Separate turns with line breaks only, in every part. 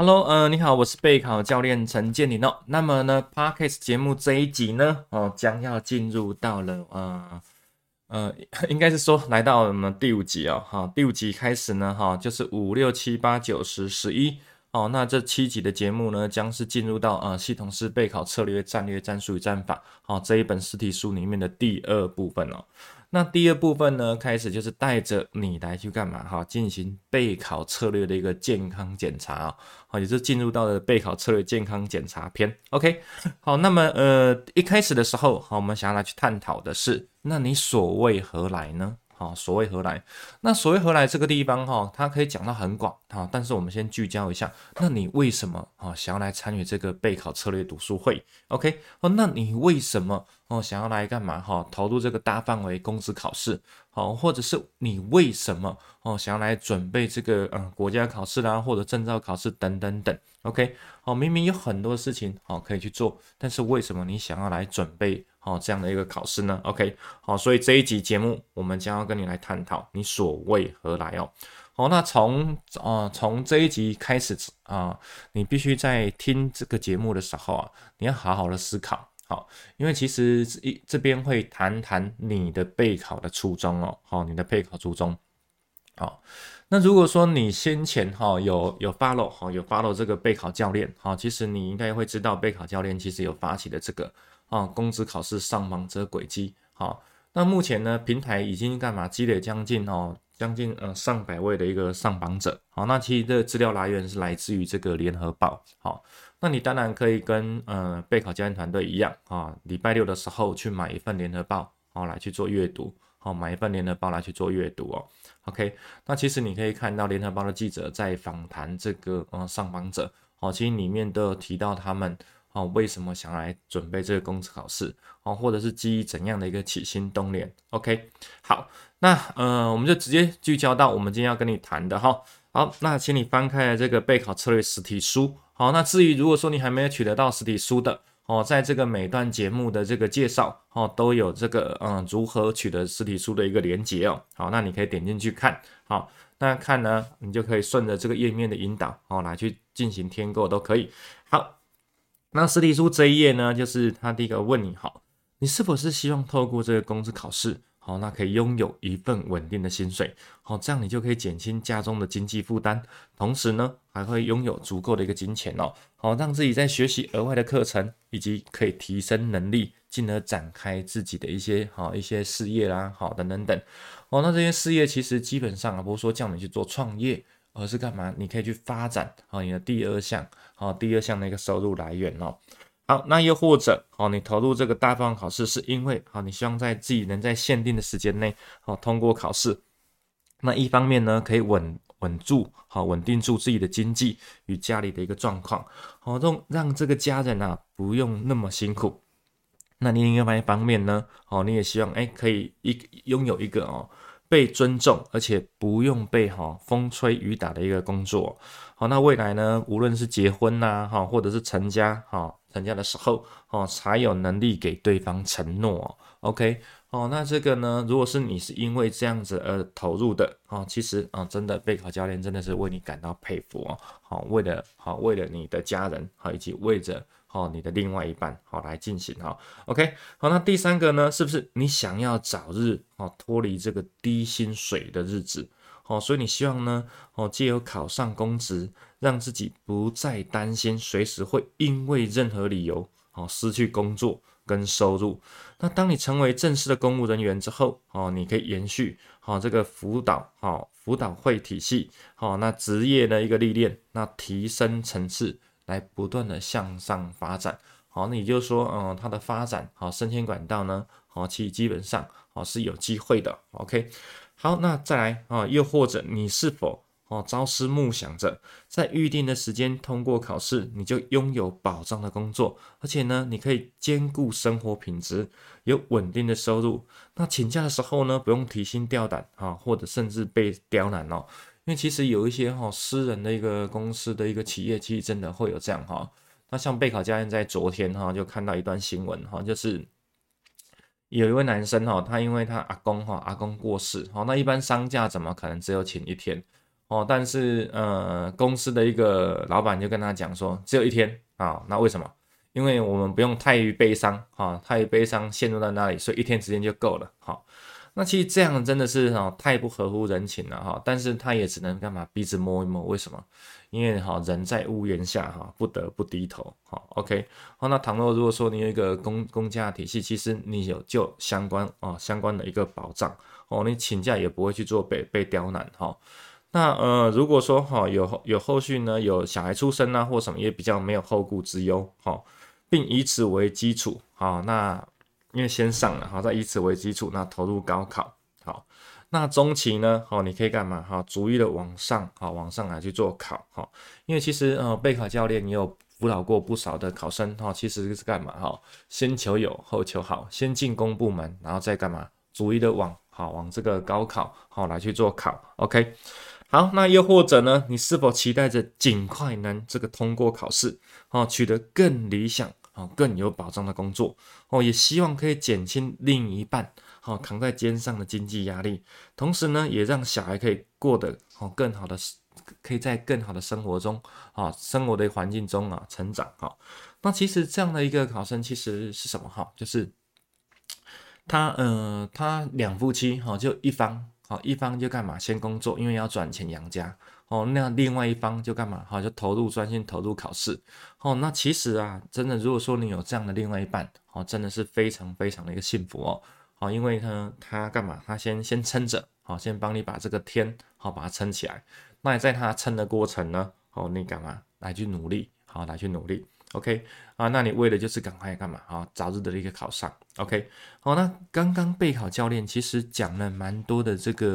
Hello，呃，你好，我是備考教練陳建林哦。那麼呢，Podcast 節目這一集呢，哦，將要進入到了啊、呃，呃，應該是說來到我們第五集哦。哈、哦，第五集開始呢，哈、哦，就是五六七八九十十一哦。那這七集的節目呢，將是進入到啊、呃，系統式備考策略、戰略、戰術與戰法，好、哦、這一本實體書裡面的第二部分哦。那第二部分呢，開始就是帶着你來去幹嘛哈？進行備考策略的一個健康檢查啊、哦，好，也是進入到了備考策略健康檢查篇。OK，好，那麼呃，一開始的時候，好，我們想要來去探討的是，那你所為何來呢？啊，所為何來？那所為何來這個地方哈、哦，它可以講到很廣哈，但是我們先聚焦一下，那你為什麼啊想要來參與這個備考策略讀書會？OK 哦，那你為什麼哦想要來幹嘛哈？投入這個大範圍公職考試，好，或者是你為什麼哦想要來準備這個嗯、呃、國家考試啊，或者證照考試等等等？OK 哦，明明有很多事情可以去做，但是為什麼你想要來準備？哦，這樣的一個考試呢，OK，好，所以這一集節目我們將要跟你來探討你所為何來哦，好，那從啊、呃、從這一集開始啊、呃，你必須在聽這個節目的時候啊，你要好好的思考，好，因為其實一這，這邊會談談你的備考的初衷哦，好、哦，你的備考初衷，好、哦，那如果說你先前哈、哦、有有 follow 好、哦、有 follow 這個備考教練，好、哦，其實你應該會知道備考教練其實有發起的這個。啊，公職考試上榜者軌跡，好，那目前呢，平台已經幹嘛？積累將近哦，將近呃上百位的一個上榜者，好，那其實這個資料來源是來自於這個聯合報，好，那你當然可以跟呃備考教研團隊一樣啊，哦、禮拜六的時候去買一份聯合報，哦，來去做閱讀，好、哦，買一份聯合報來去做閱讀哦，OK，那其實你可以看到聯合報的記者在訪談這個呃上榜者，好、哦，其實裡面都有提到他們。哦，為什麼想來準備這個公職考試？哦，或者是基於怎樣的一個起心動念？OK，好，那呃，我們就直接聚焦到我們今天要跟你談的哈。好，那請你翻開這個備考策略實體書。好，那至於如果說你還沒有取得到實體書的哦，在這個每段節目的這個介紹哦，都有這個嗯、呃、如何取得實體書的一個連接哦。好，那你可以點進去看。好，那看呢，你就可以順着這個頁面的引導哦來去進行添購都可以。好。那實體書這一頁呢，就是他第一個問你好，你是否是希望透過這個公職考試，好，那可以擁有一份穩定的薪水，好，這樣你就可以減輕家中的經濟負擔，同時呢，還會擁有足夠的一個金錢哦，好，讓自己在學習額外的課程，以及可以提升能力，進而展開自己的一些好一些事業啦，好，等等等，哦，那這些事業其實基本上啊，不是說叫你去做創業。或、哦、是幹嘛？你可以去發展好、哦，你的第二項好、哦，第二項的一個收入來源哦。好、啊，那又或者哦，你投入這個大方考試，是因為好、哦，你希望在自己能在限定的時間內哦通過考試。那一方面呢，可以穩穩住好，穩、哦、定住自己的經濟與家裡的一個狀況，好、哦，讓讓這個家人啊不用那麼辛苦。那另外一方面呢，哦，你也希望哎、欸，可以一擁有一個哦。被尊重，而且不用被哈、哦、風吹雨打的一個工作，好、哦，那未來呢？無論是結婚吶，哈，或者是成家，哈、哦，成家的時候哦，才有能力給對方承諾，OK，哦，那這個呢？如果是你是因為這樣子而投入的，哦，其實啊、哦，真的備考教練真的是為你感到佩服哦，好，為了好、哦，為了你的家人，好，以及為着。哦，你的另外一半，好、哦、來進行哈、哦、，OK，好，那第三個呢，是不是你想要早日哦脫離這個低薪水的日子？哦，所以你希望呢，哦藉由考上公職，讓自己不再擔心隨時會因為任何理由哦失去工作跟收入。那當你成為正式的公務人員之後，哦，你可以延續好、哦、這個輔導，好、哦、輔導會體系，好、哦、那職業的一個歷練，那提升層次。來不斷的向上發展，好，那也就是說，嗯、呃，它的發展好，升遷管道呢，好、哦，其實基本上好、哦、是有機會的，OK，好，那再來啊、哦，又或者你是否哦朝思暮想着在預定的時間通過考試，你就擁有保障的工作，而且呢，你可以兼顧生活品質，有穩定的收入，那請假的時候呢，不用提心吊膽啊、哦，或者甚至被刁難哦。因為其實有一些哈、哦、私人的一個公司的一個企業，其實真的會有這樣哈、哦。那像備考教練在昨天哈、哦、就看到一段新聞哈、哦，就是有一位男生哈、哦，他因為他阿公哈、哦、阿公過世、哦、那一般喪假怎麼可能只有請一天哦？但是呃公司的一個老闆就跟他講說只有一天啊、哦，那為什麼？因為我們不用太悲傷哈、哦，太悲傷陷入到那裡，所以一天時間就夠了哈。哦那其實這樣真的是哈太不合乎人情了哈，但是他也只能幹嘛鼻子摸一摸？為什麼？因為人在屋檐下哈，不得不低頭哈。OK，好，那倘若如果說你有一個公公家體系，其實你有就有相關哦，相關的一個保障哦，你請假也不會去做被被刁難哈。那呃如果說哈有有後續呢，有小孩出生啊或什麼也比較沒有後顧之憂哈，並以此為基礎好那。因為先上了好，再以此為基礎，那投入高考好，那中期呢？好、哦，你可以幹嘛？好，逐一的往上啊、哦，往上來去做考哈。因為其實呃，備考教練也有輔導過不少的考生哈、哦。其實是幹嘛哈、哦？先求有後求好，先進公部門，然後再幹嘛？逐一的往好、哦、往這個高考好、哦、來去做考。OK，好，那又或者呢？你是否期待着盡快能這個通過考試好、哦，取得更理想，哦，更有保障的工作哦，也希望可以減輕另一半哦扛在肩上的經濟壓力，同時呢，也讓小孩可以過得哦更好的，可以在更好的生活中啊生活的環境中啊成長哈。那其實這樣的一個考生其實是什麼哈？就是他呃，他兩夫妻哈，就一方好一方就幹嘛？先工作，因為要賺錢養家。哦，那另外一方就幹嘛？哈、哦，就投入專心投入考試。哦，那其實啊，真的，如果說你有這樣的另外一半，哦，真的是非常非常的一個幸福哦。好、哦，因為呢，他幹嘛？他先先撐着，好，先幫、哦、你把這個天，好、哦，把它撐起來。那你在他撐的過程呢，哦、你幹嘛？來去努力，好、哦，來去努力。OK，啊，那你為了就是趕快幹嘛？好、哦，早日的一個考上。OK，好、哦，那剛剛備考教練其實講了蠻多的這個，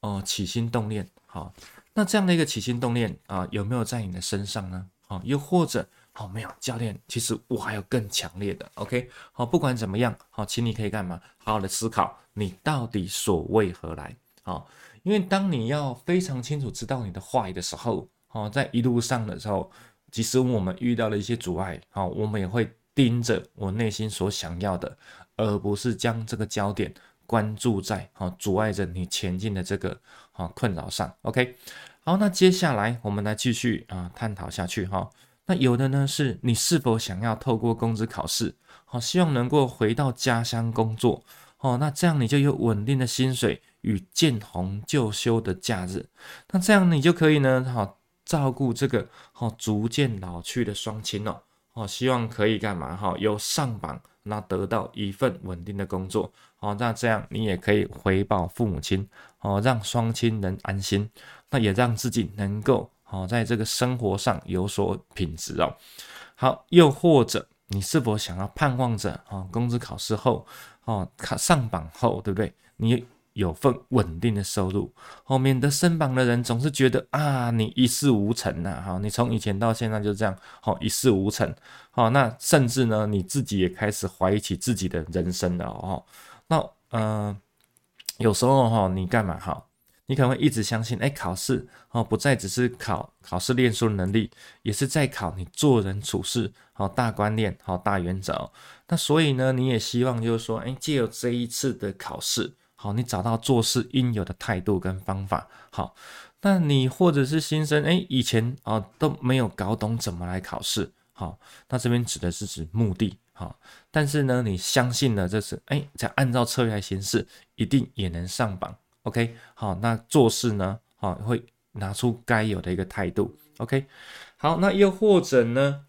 哦、呃，起心動念，哦那這樣的一個起心動念啊，有沒有在你的身上呢？啊，又或者，好、哦、沒有，教練，其實我還有更強烈的。OK，好、啊，不管怎麼樣，好、啊，請你可以幹嘛，好好的思考你到底所為何來。啊，因為當你要非常清楚知道你的壞的時候，哦、啊，在一路上的時候，即使我們遇到了一些阻礙，啊，我們也會盯着我內心所想要的，而不是將這個焦點。關注在哈阻礙着你前進的這個哈困擾上，OK，好，那接下來我們來繼續啊探討下去哈。那有的呢，是你是否想要透過公職考試，好，希望能夠回到家鄉工作，哦，那這樣你就有穩定的薪水與見紅就休的假日，那這樣你就可以呢，好照顧這個好逐漸老去的雙親了。哦，希望可以幹嘛？哈、哦，有上榜，那得到一份穩定的工作，哦，那這樣你也可以回報父母親，哦，讓雙親能安心，那也讓自己能夠，哦，在這個生活上有所品質哦。好，又或者你是否想要盼望着，啊、哦，公職考試後，哦，考上榜後，對不對？你。有份穩定的收入，哦，免得身旁的人總是覺得啊，你一事無成吶、啊，哈、哦，你從以前到現在就這樣，哦，一事無成，好、哦，那甚至呢，你自己也開始懷疑起自己的人生了哦，哦，那，嗯、呃，有時候哈、哦，你幹嘛哈、哦？你可能會一直相信，哎，考試哦，不再只是考考試念書能力，也是在考你做人處事，好、哦、大觀念，好、哦、大原則、哦。那所以呢，你也希望就是說，哎，借由這一次的考試。哦，你找到做事應有的態度跟方法，好，那你或者是新生，哎，以前啊都沒有搞懂怎麼來考試，好，那這邊指的是指目的，好，但是呢，你相信了這次，哎，才按照策略來行事，一定也能上榜，OK，好，那做事呢，好，會拿出該有的一個態度，OK，好，那又或者呢？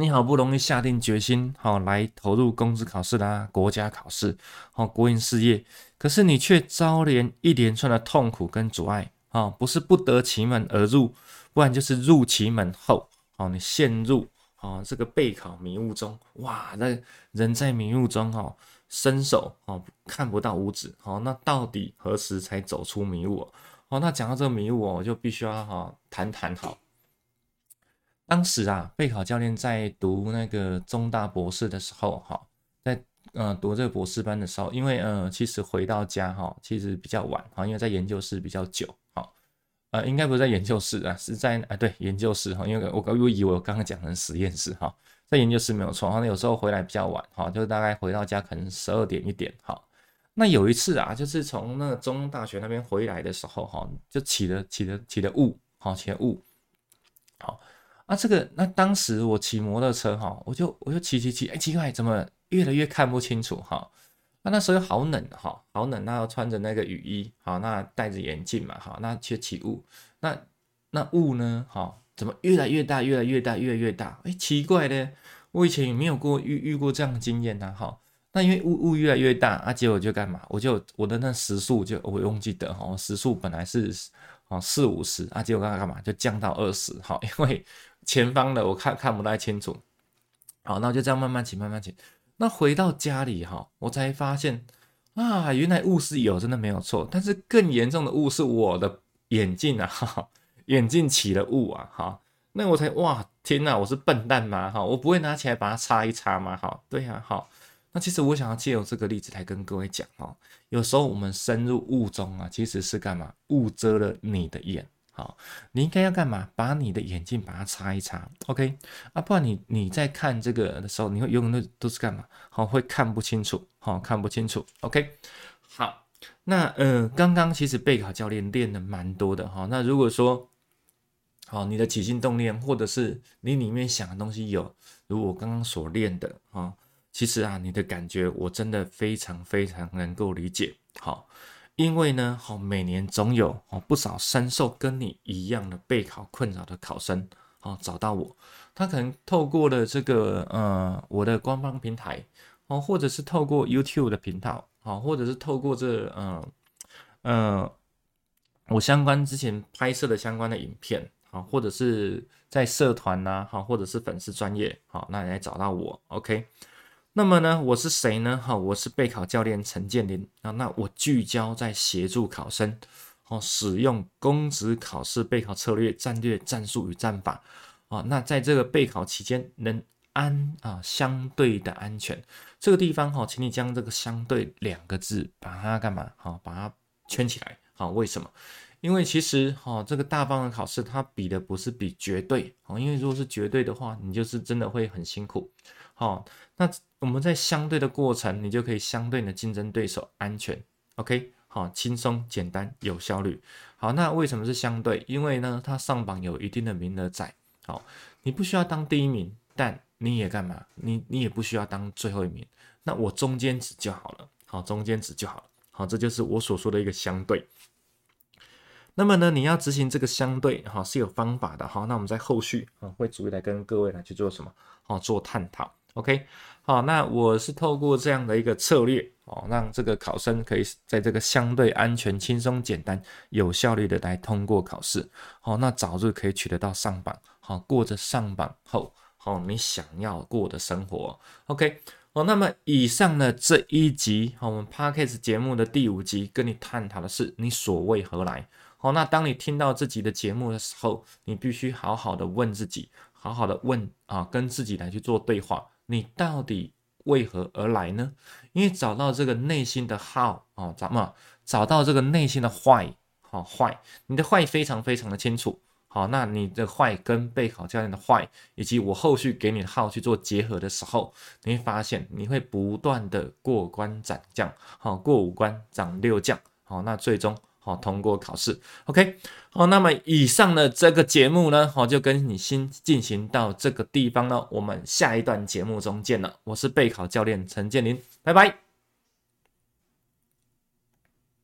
你好不容易下定決心，好來投入公職考試啦，國家考試，好、哦、國營事業，可是你卻遭連一連串的痛苦跟阻礙，啊、哦，不是不得其門而入，不然就是入其門後，哦，你陷入啊、哦、這個備考迷霧中，哇，那人在迷霧中哦，哦，伸手哦看不到五指，哦，那到底何時才走出迷霧哦，哦，那講到這個迷霧哦，我就必須要哈談談好。當時啊，備考教練在讀那個中大博士的時候，哈，在、呃、嗯，讀這個博士班的時候，因為嗯、呃，其實回到家哈，其實比較晚哈，因為在研究室比較久，哈，呃，應該不是在研究室啊，是在啊，對，研究室哈，因為我以為我以我剛剛講成實驗室哈，在研究室沒有錯，然後有時候回來比較晚哈，就大概回到家可能十二點一點哈。那有一次啊，就是從那個中大學那邊回來的時候哈，就起了起了起了霧，哈，起了霧，好。那、啊、這個那當時我騎摩托車哈，我就我就騎騎騎，哎、欸，奇怪，怎麼越來越看不清楚哈？那、啊、那時候好冷哈，好冷，那要穿着那個雨衣，好，那戴着眼鏡嘛，哈，那卻起霧，那那霧呢，哈，怎麼越來越大，越，越來越大，越來越大？哎，奇怪咧？我以前也沒有過遇遇過這樣的經驗哈、啊。那因為霧霧越來越大，啊，結果就幹嘛？我就我的那時速就我忘記得哈，時速本來是 4, 50, 啊四五十，啊，結果剛才幹嘛？就降到二十，哈，因為。前方的我看看不太清楚，好，那我就這樣慢慢騎慢慢騎，那回到家裡哈，我才發現啊，原來霧是有，真的沒有錯。但是更嚴重的霧是我的眼鏡啊，眼鏡起了霧啊，哈。那我才哇，天哪，我是笨蛋嗎？哈，我不會拿起來把它擦一擦嘛，哈，對呀、啊，好。那其實我想要藉由這個例子來跟各位講哦，有時候我們深入霧中啊，其實是幹嘛？霧遮了你的眼。你應該要幹嘛？把你的眼鏡把它擦一擦，OK？啊，不然你你在看這個的時候，你會永遠都都是幹嘛？好，會看不清楚，好，看不清楚，OK？好，那呃，剛剛其實備考教練練的蠻多的哈。那如果說，好，你的起心動念或者是你裡面想的東西有，如果我剛剛所練的哈，其實啊，你的感覺我真的非常非常能夠理解，好。因為呢，每年總有哦不少深受跟你一樣的備考困擾的考生，哦，找到我，他可能透過了這個呃，我的官方平台，哦，或者是透過 YouTube 的頻道，或者是透過這嗯嗯、呃呃、我相關之前拍攝的相關的影片，或者是在社團吶、啊，哈，或者是粉絲專頁，好，那你來找到我，OK。那麼呢，我是誰呢？哈，我是備考教練陳建林啊。那我聚焦在協助考生，哦，使用公職考試備考策略、戰略、戰術與戰法啊。那在這個備考期間，能安啊，相對的安全。這個地方哈，請你將這個“相對”兩個字，把它幹嘛？哈，把它圈起來。好，為什麼？因為其實哈、哦，這個大棒的考試，它比的不是比絕對啊、哦，因為如果是絕對的話，你就是真的會很辛苦。好、哦，那我們在相對的過程，你就可以相對你的競爭對手安全。OK，好、哦，輕鬆、簡單、有效率。好，那為什麼是相對？因為呢，它上榜有一定的名額在。好、哦，你不需要當第一名，但你也幹嘛？你你也不需要當最後一名。那我中間值就好了。好、哦，中間值就好了。好、哦，這就是我所說的一個相對。那麼呢，你要執行這個相對哈是有方法的哈，那我們在後續啊會逐一來跟各位來去做什麼好做探討，OK，好，那我是透過這樣的一個策略哦，讓這個考生可以在這個相對安全、輕鬆、簡單、有效率的來通過考試，好，那早日可以取得到上榜，好，過着上榜後好你想要過的生活，OK，哦，那麼以上呢這一集哈我們 Podcast 節目的第五集跟你探討的是你所為何來。好，那當你聽到自己的節目的時候，你必須好好的問自己，好好的問啊，跟自己來去做對話。你到底為何而來呢？因為找到這個內心的號啊，怎麼找到這個內心的壞？好、啊、壞，你的壞非常非常的清楚。好，那你的壞跟備考教練的壞，以及我後續給你的號去做結合的時候，你會發現你會不斷的過關斬將，好，過五關斬六將，好，那最終。哦，通過考試，OK。好，那麼以上的這個節目呢，哦，就跟你先進行到這個地方了。我們下一段節目中見了，我是備考教練陳建林，拜拜。